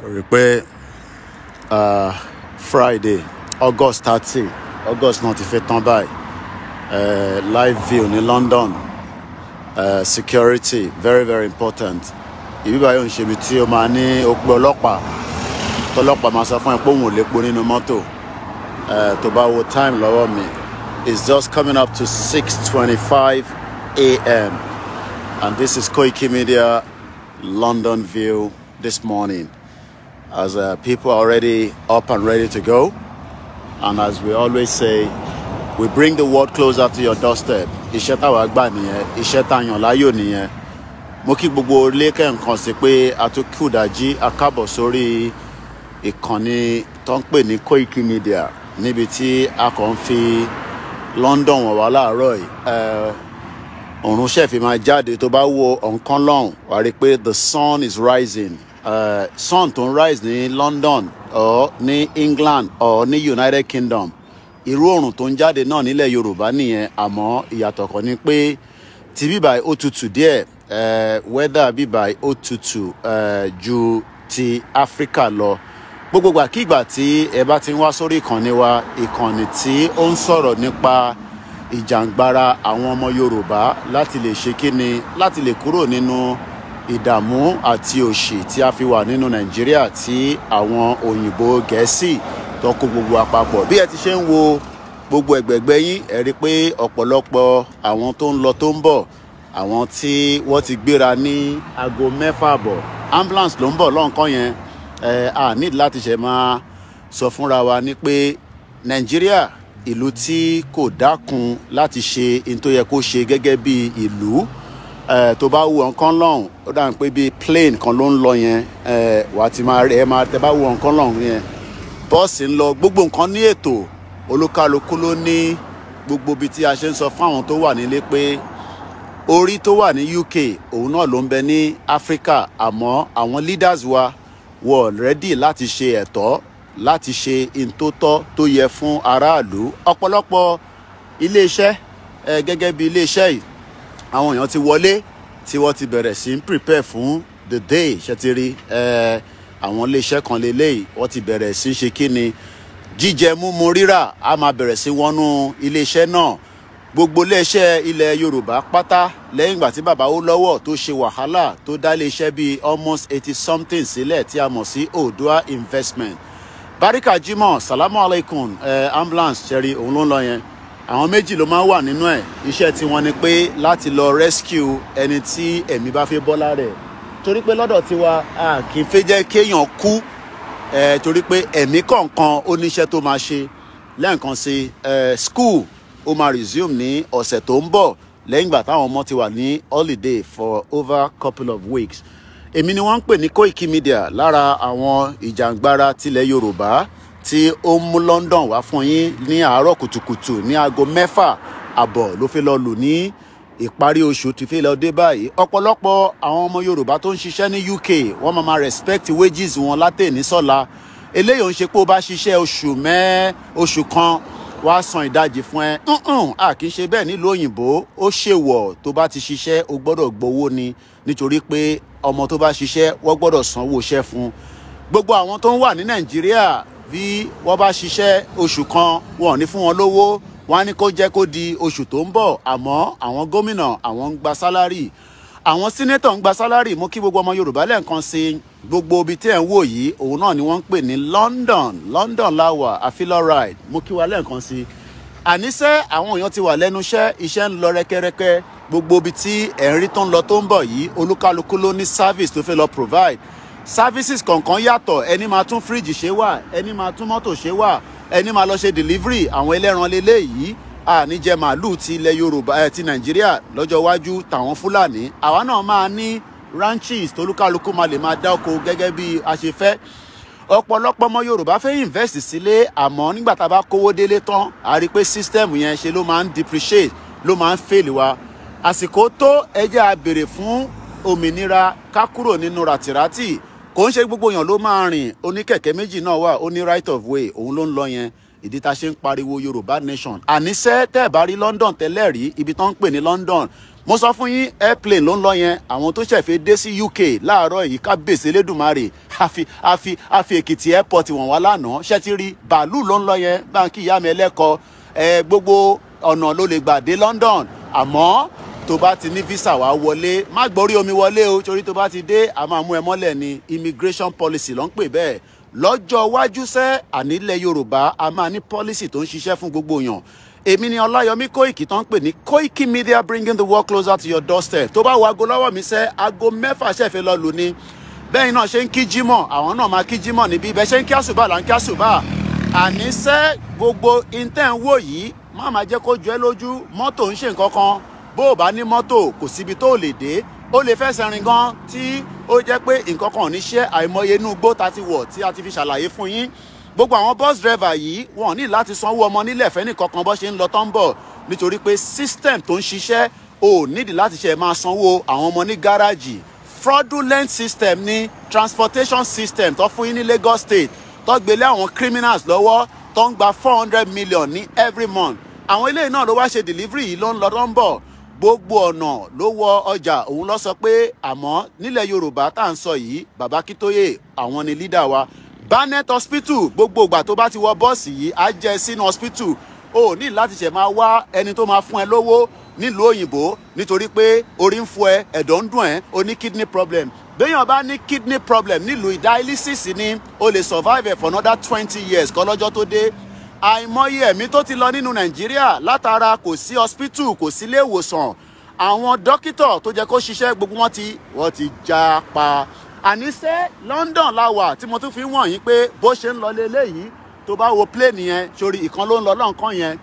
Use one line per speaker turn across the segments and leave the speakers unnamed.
torí pé uh, Friday August thirty August náà ti tán báyìí uh, live view ní London uh, security very very important ìbí báyìí ò ń ṣe ibi tí o máa ní òpè ọlọ́pàá tọ́lọ́pàá máa sọ fún ẹ pé òun ò nínú mọ́tò uh, tó bá wo time lọ́wọ́ mi it's just coming up to six twenty-five a.m. and this is Koike Media London View this morning. as uh, people are already up and ready to go. And as we always say, we bring the world closer to your doorstep. Iṣẹ́ táwa gbà nìyẹn, iṣẹ́ táyàn láyò nìyẹn. Mo kí gbogbo ilé kẹ́ǹkan sí pé a tún kí ìdájí akábọ̀ sórí ìkànnì tó ń pè ní Koiki Media níbi tí a kàn ń fi London wọ̀ wá láàárọ̀ yìí. Òrùn ṣẹ̀fì máa jáde tó bá wo ọ̀nkán lọ́hùn, wàá rí pé the sun is rising uh, sun tó ń rise ní London or ní England or ní United Kingdom irú oòrùn tó ń jáde náà nílẹ̀ Yorùbá nìyẹn àmọ́ ìyàtọ̀ kan ni pé ti bíbà ó tutù díẹ̀ eh, wẹ́dà bíbà ó tutù eh, ju ti Africa lọ gbogbogbà kígbà tí ẹ bá ti ń wá sórí ìkànnì wa ìkànnì tí ó ń sọ̀rọ̀ nípa ìjàǹgbara àwọn ọmọ Yorùbá láti lè ṣe kí ni láti lè kúrò nínú. No ìdààmú àti òṣì tí a fi wà nínú nàìjíríà tí àwọn òyìnbó gẹ̀ẹ́sì tó kó gbogbo àpapọ̀ bí ẹ ti ṣe ń wo gbogbo ẹ̀gbẹ̀gbẹ́ yín ẹ rí i pé ọ̀pọ̀lọpọ̀ àwọn tó ń lọ tó ń bọ̀ àwọn tí wọ́n ti gbéra ní aago mẹ́fà bọ̀ ambulance ló ń bọ̀ lọ́nkàn yẹn ẹ a ní láti ṣe máa sọ fúnra wa ní pé nàìjíríà ìlú tí kò dákun láti ṣe ní tó yẹ kó ṣe gẹ́gẹ́ bí ìlú tó bá wo nǹkan lọ́hùn ó dà pé bíi plane kan ló ń lọ yẹn wàá ti máa rẹ ẹ máa tẹ bá wo nǹkan lọ́hùn yẹn bọ́ọ̀sì ń lọ gbogbo nǹkan ní ètò olúkálukú ló ní gbogbo ibi tí a ṣe ń sọ fáwọn tó wà nílé pé orí tó wà ní UK òun náà ló ń bẹ ní Africa àmọ́ àwọn leaders wa wọ́n ready láti ṣe ẹ̀tọ́ láti ṣe ìtótọ́ tó yẹ fún aráàlú ọ̀pọ̀lọpọ̀ iléeṣẹ́ gẹ́gẹ́ bí iléeṣẹ́ yìí àwọn èèyàn ti wọlé tí wọ́n ti bẹ̀rẹ̀ sí ń prepare fún the day ṣètìrí àwọn iléeṣẹ́ kan lélẹ́yìí wọ́n ti bẹ̀rẹ̀ sí ṣe kí ni jíjẹ múmu rírà á máa bẹ̀rẹ̀ sí wọnú iléeṣẹ́ náà gbogbo iléeṣẹ́ ilẹ̀ Yorùbá pátá lẹ́yìn ìgbà tí bàbá ó lọ́wọ́ tó ṣe wàhálà tó dá iléeṣẹ́ bíi almost eighty something sílẹ̀ tí a mọ̀ sí Oodua investment Barika Jimoh salamu alaykum eh, ambulance ṣẹ́rí òun ló ń lọ yẹn àwọn méjì ló máa ń wà nínú ẹ̀ iṣẹ́ tiwọn ni pé láti lọ rescue ẹni tí ẹ̀mí bá fẹ́ bọ́ lára ẹ̀ torí pé lọ́dọ̀ tiwa a kì í fẹ́ jẹ́ kéèyàn kú ẹ̀ torí pé ẹ̀mí kọ̀ọ̀kan ó níṣẹ́ tó máa ṣe lẹ́ẹ̀kan sí ẹ̀ school ó máa resume ní ọ̀sẹ̀ tó ń bọ̀ lẹ́yìn ìgbà táwọn ọmọ ti wà ní holiday for over couple of weeks èmi ni wọ́n ń pè ní Koiki Media lára àwọn ìjàngbara tilẹ̀ Yorùbá tí ó ń mú London wá fún yín ní àárọ̀ kùtùkùtù ní aago mẹ́fà àbọ̀ ló fi lọ lù ní ìparí oṣù ti fi lọ dé báyìí ọ̀pọ̀lọpọ̀ àwọn ọmọ Yorùbá tó ń ṣiṣẹ́ ní UK wọ́n máa ma respect wages wọn látẹ̀ní sọ́la eléyìí ò ń ṣe pé o bá ṣiṣẹ́ oṣù mẹ́ oṣù kan wàá san ìdajì fún ẹ ǹǹ à kì í ṣe bẹ́ẹ̀ nílùú òyìnbó ó ṣèwọ̀ tó bá ti ṣiṣẹ́ o gbọ́dọ̀ gbowó ni nítorí pé ọmọ tó bá ṣiṣẹ́ wọ́n gbọ́dọ̀ sanwó iṣẹ́ fún gbogbo àwọn tó ń wà ní Nàìjíríà bí wọ́n bá ṣiṣẹ́ oṣù kan wọn ò ní fún wọn lówó wọn á ní kó jẹ́ kó di oṣù tó ń bọ̀ àmọ́ àwọn gómìnà àwọn ń gba sálárì àwọn sínétọ̀ ń gba sálárì mú kí gbogbo ọmọ Yorùbá lẹ́ẹ̀kan sí gbogbo ibi tí ẹ̀ ń wò yìí òun náà ni wọ́n ń pè ní London London láwà àfilọ́ride mú kí wa lẹ́ẹ̀kan sí àníṣe àwọn èèyàn ti wà lẹ́nu iṣẹ́ iṣẹ́ ń lọ rẹ́kẹ́rẹ́kẹ́ gbogbo ibi tí ẹ̀rí tó ń lọ tó ń bọ̀ yìí olúkálukú ló ní service tó fẹ́ lọ provide services kọ̀ọ̀kan yàtọ̀ ẹni máa tún fíríjì ṣe wà ẹni máa tún mọ́tò ṣe wà ẹni máa lọ ṣe delivery àwọn ẹlẹ́ran lélẹ́yìí àní jẹ màálù ti ilẹ̀ Yorùbá ẹ̀ eh, ti Nàìjíríà lọ́jọ́ iwájú tàwọn Fúlàní àwa náà máa ní ranches tolúkálukú máa lè máa dá oko gẹ́gẹ́ bí a ṣe fẹ́ ọ̀pọ̀lọpọ̀ ọmọ Yorùbá fẹ́ invest sílé àmọ́ nígbà tá a bá kówó délé tán a rí i pé system yẹn ṣe ló máa ń depreciate ló máa ń fail wa àsìkò tó ẹ jẹ́ a béèrè fún òmìnira ká kúrò nínú ràtìràtì kò ń ṣe gbogbo èèyàn ló máa rìn oníkẹ̀kẹ́ méjì náà wà ó ní right of way òun ló ń lọ yẹn ìdí tá a ṣe ń pariwo yorùbá nation àníṣe tẹ́ ẹ̀ bá rí london tẹ́lẹ̀ rí ibi tó ń pè ní london mo sọ fún yín airplane ló ń lọ yẹn àwọn tó ṣẹ̀fẹ̀ dé sí uk láàárọ̀ yìí kábèsè lẹ́dùnmarè àfi àfi àfi èkìtì airport wọ̀n wá lánàá ṣẹ́tìrì bàálù ló ń lọ yẹn báńkì ìyá mi ẹlẹ́kọ ẹ gbogbo ọ̀nà ló lè gbà dé london àmọ́ tó bá ti ní visa wá wọlé má gbórí omi wọlé o torí tó bá ti dé a máa mú ẹ mọ́lẹ̀ ní immigration policy ló ń pè bẹ́ẹ̀ lọ́jọ́ iwájú sẹ́ ànílẹ̀ yorùbá a máa ní policy tó ń ṣiṣẹ́ fún gbogbo èèyàn èmi ni ọláyọmí kóìkì tó ń pè ní kóìkì media bringing the world closer to your doorstep tó bá wo aago lọ́wọ́ mi sẹ́ aago mẹ́fà ṣẹ̀fẹ̀ lọ lù ní bẹ́ẹ̀ náà ṣe ń kí jímọ̀ àwọn náà máa kí jímọ̀ níbí bẹ́ẹ̀ ṣe ń kí àṣùbà là ń kí àṣùbà àníṣẹ́ gbogbo intẹ̀ wò yìí má máa jẹ́ kó jẹ́ lójú mọ́tò ń ṣe nǹkan kan bó o bá ní mọ́tò kò síbi tó lè dé ó lè fẹsẹ̀ rìn gan tí ó jẹ́ pé nǹkan kan ní ṣe àìmọye inú igbó tá ti wọ̀ tí a ti fi ṣàlàyé fún yín gbogbo àwọn bus driver yìí wọ́n ní láti sanwó ọmọ nílẹ̀ fẹ́ nìkankan bó ṣe ń lọ tán bọ̀ nítorí pé system tó ń ṣiṣẹ́ ò nídìí láti ṣe máa sanwó àwọn ọmọ ní gáràjì fraudulent system ní transportation system tó fún yín ní Lagos state tó gbélé àwọn criminals lọ́wọ́ tó ń gba four hundred million ní every month àwọn eléyìí náà ló wá ṣe delivery yìí ló ń lọ tó ń bọ̀ gbogbo ọ̀nà ló wọ ọjà òun lọ sọ pé àmọ́ nílẹ̀ yorùbá tá à ń sọ yìí bàbá kítóyè àwọn ni lídà wa barnet hospital gbogbo ìgbà tó bá ti wọ bọ́ọ̀sì yìí á jẹ́ sínú hospital o ní láti ṣẹ̀ máa wá ẹni tó máa fún ẹ lówó nílùú òyìnbó nítorí pé orí ń fọ́ ẹ ẹ̀dọ̀ ń dùn ẹ o ní kidney problem béèyàn bá ní kidney problem nílùú dialysis ni o lè survive for another twenty years kọ́lọ́jọ́ tó dé àìmọye ẹ̀mí tó ti lọ nínú nàìjíríà látara kò sí hospital kò sí ilé ìwòsàn àwọn dókítà tó jẹ́ kó ṣiṣẹ́ gbogbo wọn ti wọ́n ti já pa àníṣe London la wà tí mo tún fi ń wọ̀nyí pé bó ṣe ń lọ lélẹ́yìí tó bá wo plane yẹn sórí ìkan ló ń lọ lọ́nkàn yẹn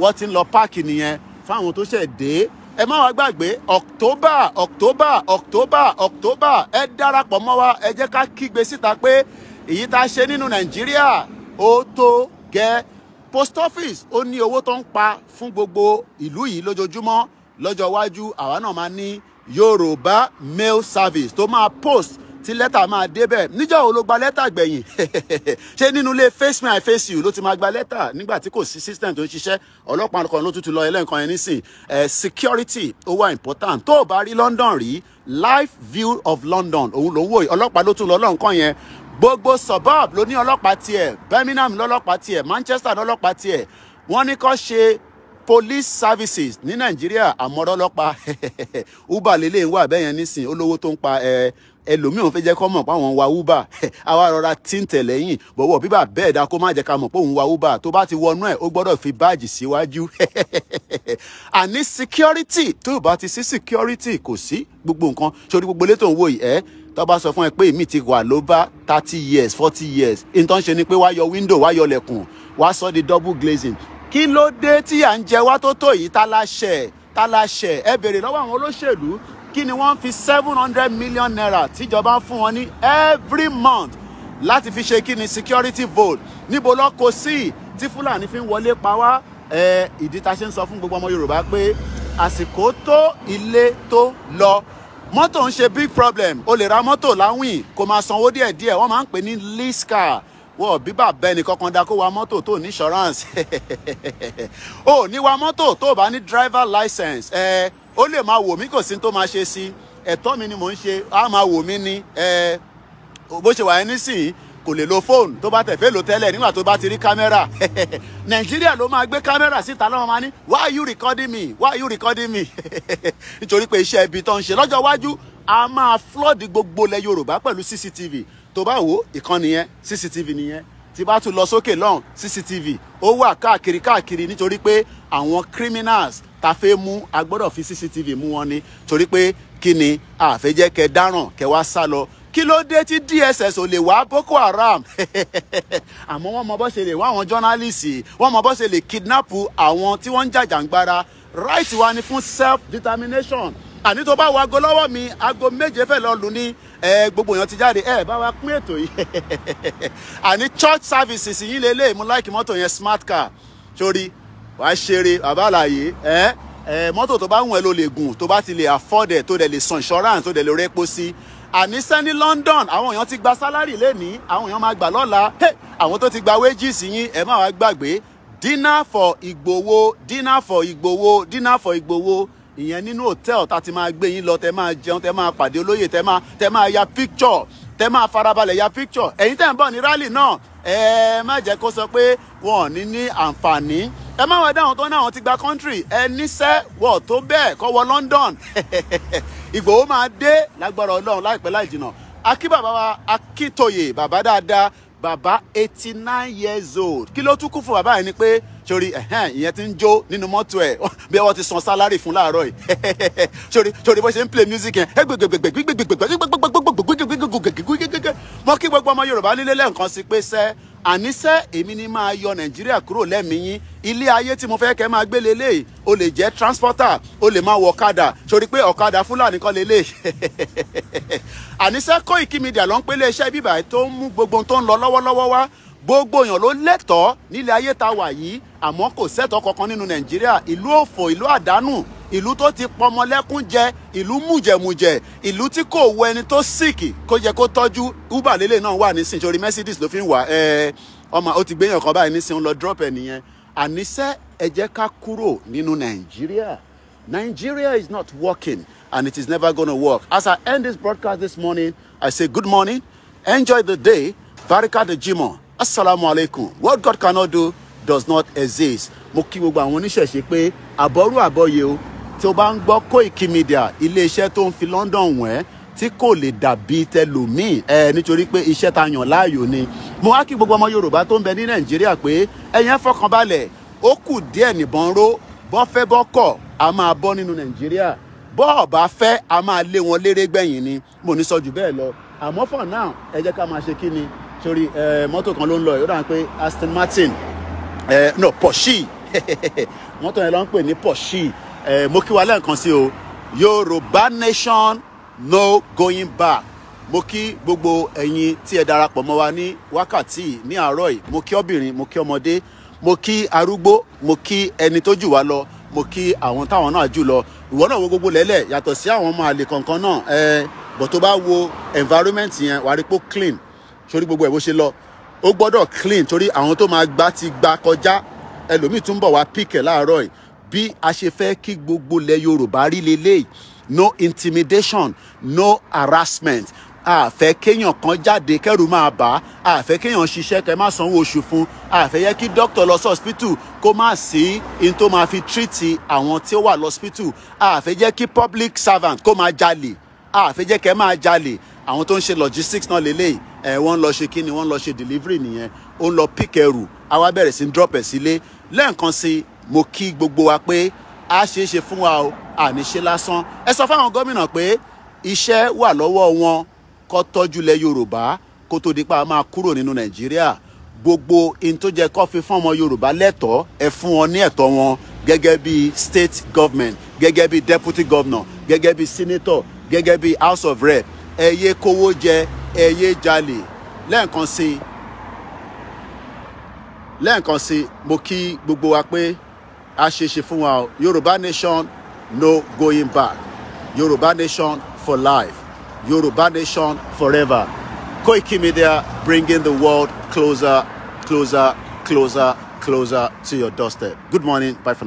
wọ́n ti ń lọ páàkì nìyẹn fáwọn tó ṣẹ̀ dé ẹ má wá gbàgbé October October October October ẹ darapọ̀ mọ́ wa ẹ jẹ́ ká kígbe síta pé èyí tá a ṣe nínú Nàìjíríà ó tó gẹ́ post office ó ní owó tó ń pa fún gbogbo ìlú yìí lójoojúmọ́ lọ́jọ́ iwájú àwa náà máa ní Yorùbá mail service tó máa post tí lẹ́tà máa débẹ̀ níjọ́ wo ló gba lẹ́tà gbẹ̀yìn ṣé nínú ilé face me i face you ló ti máa gba lẹ́tà nígbà tí kò sí system tó ń ṣiṣẹ́ ọlọ́pàá kan ló tútù lọ ẹlẹ́nkan ẹni sìn security ó wà important tó o bá rí London rí live view of London òun ló ń wò ọlọ́pàá ló tún lọ lọ́nkàn yẹn gbogbo suburb ló ní ọlọ́pàá tiẹ̀ Birmingham lọ́lọ́pàá tiẹ̀ Manchester lọ́lọ́pàá tiẹ̀ wọ́n ní kó ṣe police services ní Nàìjíríà àmọ́rọ́ lọ́pàá Uber lélẹ̀ ń wà bẹ́ẹ̀ yẹn nísìn olówó tó ń pa ẹlòmíì òun fẹ́ jẹ́ kó mọ̀ pé àwọn ń wa Uber àwa rọra tí ń tẹ̀lé yìn bọ̀wọ̀ bíbà bẹ́ẹ̀ dá kó má jẹ́ ká mọ̀ pé òun wa Uber tó bá ti wọnú ẹ̀ ó gbọ́dọ̀ fi báàjì síwájú àní security tó bá ti sí security kò sí gbogbo nǹkan sórí gbogbo létò ń wò yìí ẹ́ tó bá sọ fún ẹ pé èmi ti wà lóbá thirty years forty years nǹkan ṣe ni pé wá yọ window wá yọ lẹ̀kùn wá sọ di double glazing kí ló dé tí à ń jẹ wá tó tó yìí tá láṣẹ tá láṣẹ ẹ béèrè lọ́wọ́ àwọn olóṣèlú kí ni wọ́n fi seven hundred million naira tíjọba ń fún wọn ní every month láti fi ṣe kí ni security vote níbo lọ kó sí tí fúlàní fi ń wọlé pa wá ìdí tá a ṣe ń sọ fún gbogbo ọmọ yorùbá pé àsìkò tó ilé tó lọ mọ́tò ń ṣe big problem o lè ra mọ́tò láwìn kó máa sanwó díẹ̀díẹ̀ wọ́n máa ń pè ní lease car wọ́n bíbà bẹ́ni kankan da kó wa mọ́tò tó ní insurance o ní wa mọ́tò tó bá ní driver license ẹ ó lè máa wò mí kò sí tó máa ṣe sí ẹ̀tọ́ mi ni mò ń ṣe á máa wò mí ní bó ṣe wà ẹ́ nísìnyí kò lè lo fóònù tó bá tẹ̀fẹ́ lò tẹ́lẹ̀ nígbà tó bá ti rí kámẹ́rà nàìjíríà ló máa gbé kámẹ́rà síta lọ́wọ́ máa ní why you recording me why you recording me nítorí pé iṣẹ́ ibi tó ń ṣe lọ́jọ́ iwájú a máa flood gbogbo ilẹ̀ yorùbá pẹ̀lú cctv tó bá wò ìkànnì yẹn cctv nìyẹn tí bá tún lọ sókè lọ́hùn cctv ó wà káàkiri káàkiri nítorí pé àwọn criminals ta fẹ́ mú a gbọ́dọ̀ fi cctv mú wọn ni torí pé kí ni àfẹ́jẹ́ kẹ dáràn kẹ wá sá lọ kí ló dé tí DSS ò lè wá Boko Haram àmọ́ wọ́n mọ bó ṣe lè wá àwọn jọ́nálìsì wọ́n mọ bó ṣe lè kidnap àwọn tí wọ́n ń jàjàǹgbara right wa ni fún self determination àní tó bá wo aago lọ́wọ́ mi ago méje fẹ́ lọ lù ní ẹ gbogbo èèyàn ti jáde ẹ bá wa pín ètò yìí àní church services yìí lè lè mú láìkí mọ́tò yẹn smart car sórí wàá ṣeré bàbá àlàyé ẹ mọ́tò tó bá wù ẹ́ ló lè gùn tó bá ti lè afford ẹ̀ tó dẹ̀ lè san insurance tó dẹ̀ lè rẹ́pọ̀ sí àníṣẹ́ ní London àwọn èèyàn ti gba sálárì lẹ́nìí àwọn èèyàn máa gbà lọ́la àwọn tó ti gba wages yín ẹ má wá gbàgbé dinner for Igbowo. dinner for Igbowo. dinner for Igbowo. ìyẹn nínú hòtẹ́ẹ̀lì tá a ti máa gbé yín lọ tẹ máa jẹun tẹ máa pàdé olóyè tẹ máa tẹ máa ya picture tẹ máa farabalẹ̀ ya picture ẹ̀yin tẹ̀ ń bọ̀ ní rally náà ẹ má jẹ́ kó sọ pé wọn ò ní ní àǹfààní ẹ má wọ́n dáhùn tó ní àwọn ti gba country ẹ níṣẹ́ wọ̀ tó bẹ́ẹ̀ kọ́ wọ London Ìgbòho máa dé lágbára Ọlọ́run láìpẹ́ láì jìnnà akíbàbá wa Akíntóyè bàbá dáadáa bàbá eighty nine years old kí ló tún kù fún bàbá yẹn ni pé sori ẹhẹn ìyẹn ti ń jó nínú mọ́tò ẹ̀ bí wọ́n ti san sálárì fún láàárọ̀ yìí sori sori bó ṣe ń play music yẹn mo kí gbogbo ọmọ yorùbá nílé lẹ́ǹkan sí pé sẹ́ àníṣẹ́ èmi ni máa yọ nàìjíríà kúrò lẹ́mìí ilé ayé tí mo fẹ́ kẹ́ máa gbé lélẹ̀ o lè jẹ́ transporter o lè máa wọ ọ̀kadà torí pé ọ̀kadà fúlàní kan lélẹ̀ àníṣẹ́ Koiki Media ló ń pélé iṣẹ́ bíbà tó ń mú gbogbo tó ń lọ lọ́wọ́lọ́wọ́ wá gbogbo èèyàn ló lẹ́tọ̀ọ́ nílé ayé tá a wà yìí àmọ́ kò sẹ́tọ̀ọ́ kankan nínú nàìjíríà ìlú òfò ìlú àdánù ìlú tó ti pọmọlẹ́kún jẹ ìlú mùjẹ̀mùjẹ̀ ìlú tí kò wọ ẹni tó síìkì kó yẹ kó tọ́jú uber lélẹ̀ náà wà ní sin torí mercedes ló fi ń wà ẹ ọmọ ó ti gbéyàn kan báyìí nísìnyí ó lọ drop ẹ nìyẹn àníṣe ẹ ká kúrò nínú nàìjíríà nàìjíríà is not working and it is never gonna work as i end this broadcast this morning i say good morning enjoy the day barika de jimoh assalamu what god cannot do does not exist mo kí gbogbo àwọn oníṣẹ̀ṣe pé àbọ̀rú àbọ̀yè o tí o bá ń gbọ́ Koiki Media iléeṣẹ́ tó ń fi London wọ̀n tí kò lè dàbí tẹlòmíì ẹ nítorí pé iṣẹ́ ta yàn láàyò ni mo wá kí gbogbo ọmọ Yorùbá tó ń bẹ ní Nàìjíríà pé ẹ̀yin fọkànbalẹ̀ ó kù díẹ̀ nìbọn ró bọ́ fẹ́ bọ́ kọ̀ a máa bọ́ nínú Nàìjíríà bọ́ ọ̀bá fẹ́ a máa lé wọn léré gbẹ̀yìn ni mo ní sọ jù bẹ́ẹ̀ lọ àmọ́ for now ẹ jẹ́ ká máa ṣe kí ni sórí mọ́tò kan ló ń lọ yóò dàn pé Aston Martin eh, no Porsche mọ́tò yẹn ló ń pè ní Porsche ẹ mo kí wa lẹ́ẹ̀kan sí o yorùbá nation no going back mo kí gbogbo ẹ̀yin tí ẹ darapọ̀ mọ́ wa ní wákàtí ní àárọ̀ yìí mo kí obìnrin mo kí ọmọdé mo kí arúgbó mo kí ẹni tó jù wá lọ mo kí àwọn táwọn náà jù lọ ìwọ náà wo gbogbo lẹ́lẹ̀ yàtọ̀ sí àwọn ọmọ àlè kankan náà ẹ bọ̀ tó bá wo environment yẹn wàá rí pé clean sórí gbogbo ẹ̀ bó ṣe lọ ó gbọ́dọ̀ clean torí àwọn tó máa gbá ti gbá kọjá ẹlòmíì tún bọ̀ wá píkẹ̀ láàárọ̀ yìí bí a ṣe fẹ́ kí gbogbo ilẹ̀ yorùbá rí leléyìí no intimidation no harassment àfẹ́ kéèyàn kan jáde kẹ́rù máa bà á àfẹ́ kéèyàn ṣiṣẹ́ kẹ́ má sanwó oṣù fún àfẹ́ yẹ kí dókítà lọ sọ́spítù kó má sí in tó máa fi tírìtì àwọn tí ó wà lọ́spítù àfẹ́ jẹ́ kí public servant kó máa jalè àfẹ́ jẹ́ kẹ́ máa jalè àwọn tó ń ṣe logistics náà lélẹ́yìí ẹ̀ wọ́n ń lọ ṣe kíni wọ́n ń lọ ṣe delivery nìyẹn ó ń lọ pick ẹrù àwa bẹ̀rẹ̀ sí ń drop ẹ̀ sílé lẹ́ẹ̀kan sí mo kí gbogbo wa pé a ṣeé ṣe fún wa o àníṣe lásán ẹ sọ fáwọn gómìnà pé iṣẹ́ wà lọ́wọ́ wọn kó tọ́jú lẹ̀ yorùbá kó tó di pa máa kúrò nínú nàìjíríà gbogbo in tó jẹ kó fún ọmọ yorùbá lẹ́tọ̀ọ́ ẹ fún wọn ní ẹ̀tọ́ wọn gẹ́gẹ́ bí state government gẹ́gẹ́ bí deputy governor gẹ́gẹ́ bí senator gẹ́gẹ́ bí house of rep ẹ yé kówó jẹ ẹ yé jalè lẹ́ẹ̀kan sí lẹ́ẹ̀kan sí mo kí gbogbo wa pé. a ṣe Yorùbá nation no going back Yorùbá nation for life Yorùbá nation forever Koiki Media bringing the world closer closer closer closer to your doorstep good morning bye for now.